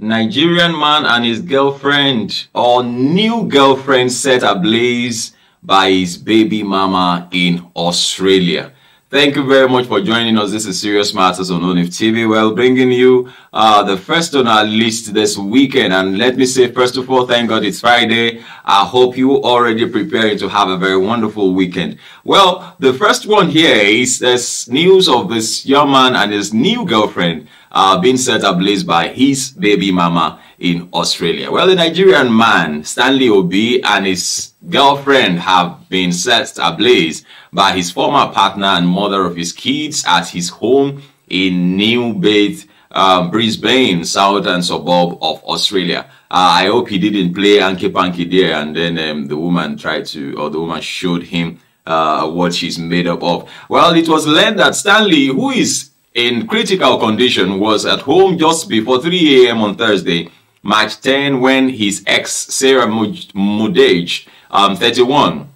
Nigerian man and his girlfriend or new girlfriend set ablaze by his baby mama in Australia. Thank you very much for joining us. This is Serious Matters on ONIF TV. Well, bringing you uh, the first on our list this weekend. And let me say, first of all, thank God it's Friday. I hope you already preparing to have a very wonderful weekend. Well, the first one here is this news of this young man and his new girlfriend uh, being set ablaze by his baby mama in Australia. Well, the Nigerian man, Stanley Obi, and his girlfriend have been set ablaze by his former partner and mother of his kids at his home in New Bath, uh, Brisbane, southern suburb of Australia. Uh, I hope he didn't play Anki Panky there and then um, the woman tried to, or the woman showed him uh, what she's made up of. Well, it was learned that Stanley, who is in critical condition, was at home just before 3 a.m. on Thursday, March 10, when his ex, Sarah Mudage, um, 31,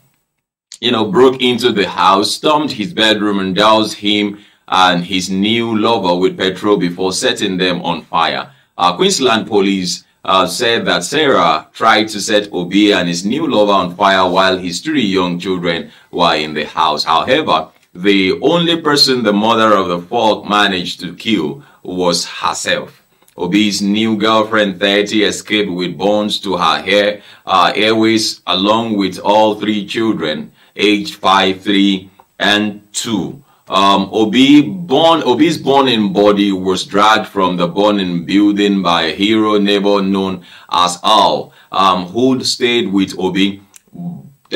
you know, broke into the house, stormed his bedroom, and doused him and his new lover with petrol before setting them on fire. Uh, Queensland police uh, said that Sarah tried to set Obi and his new lover on fire while his three young children were in the house. However, the only person the mother of the folk managed to kill was herself. Obi's new girlfriend 30 escaped with bones to her hair, uh, airways along with all three children, aged 5, 3, and 2. Um, Obi born, Obi's burning body was dragged from the burning building by a hero neighbor known as Al, um, who stayed with Obi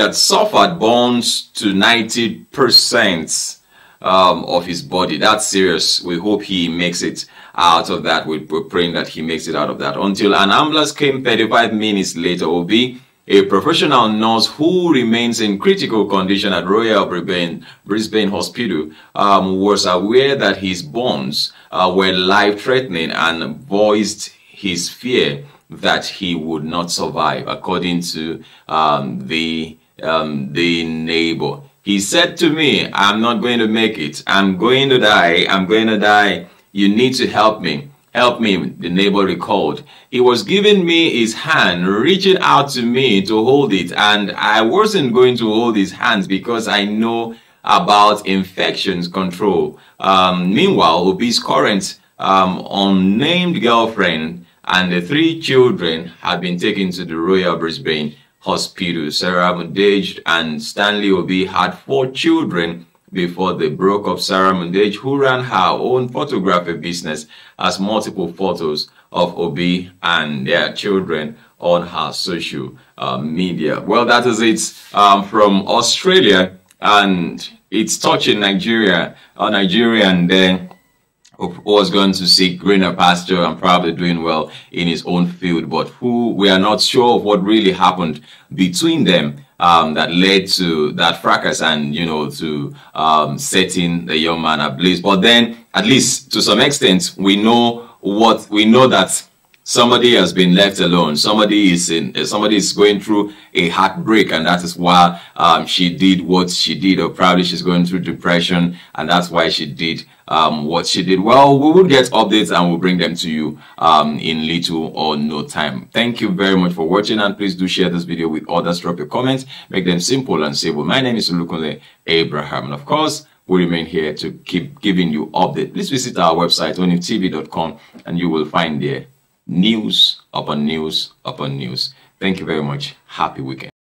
had suffered burns to 90% um, of his body. That's serious. We hope he makes it out of that. We're praying that he makes it out of that. Until an ambulance came 35 minutes later, Obi, a professional nurse who remains in critical condition at Royal Brisbane, Brisbane Hospital, um, was aware that his burns uh, were life-threatening and voiced his fear that he would not survive, according to um, the um, the neighbor. He said to me, I'm not going to make it. I'm going to die. I'm going to die. You need to help me. Help me, the neighbor recalled. He was giving me his hand, reaching out to me to hold it, and I wasn't going to hold his hands because I know about infections control. Um, meanwhile, Obi's current um, unnamed girlfriend and the three children had been taken to the Royal Brisbane Hospital. Sarah Mundage and Stanley Obi had four children before they broke up. Sarah Mundage, who ran her own photography business, has multiple photos of Obi and their children on her social uh, media. Well, that is it um, from Australia, and it's touching Nigeria. Uh, Nigeria and then was going to seek greener pasture and probably doing well in his own field, but who we are not sure of what really happened between them um, that led to that fracas and you know to um, setting the young man ablaze. But then, at least to some extent, we know what we know that somebody has been left alone somebody is in uh, somebody is going through a heartbreak and that is why um, she did what she did or probably she's going through depression and that's why she did um, what she did well we will get updates and we'll bring them to you um, in little or no time thank you very much for watching and please do share this video with others drop your comments make them simple and simple my name is Olukunle Abraham and of course we remain here to keep giving you updates. please visit our website oniftv.com and you will find there news upon news upon news. Thank you very much. Happy weekend.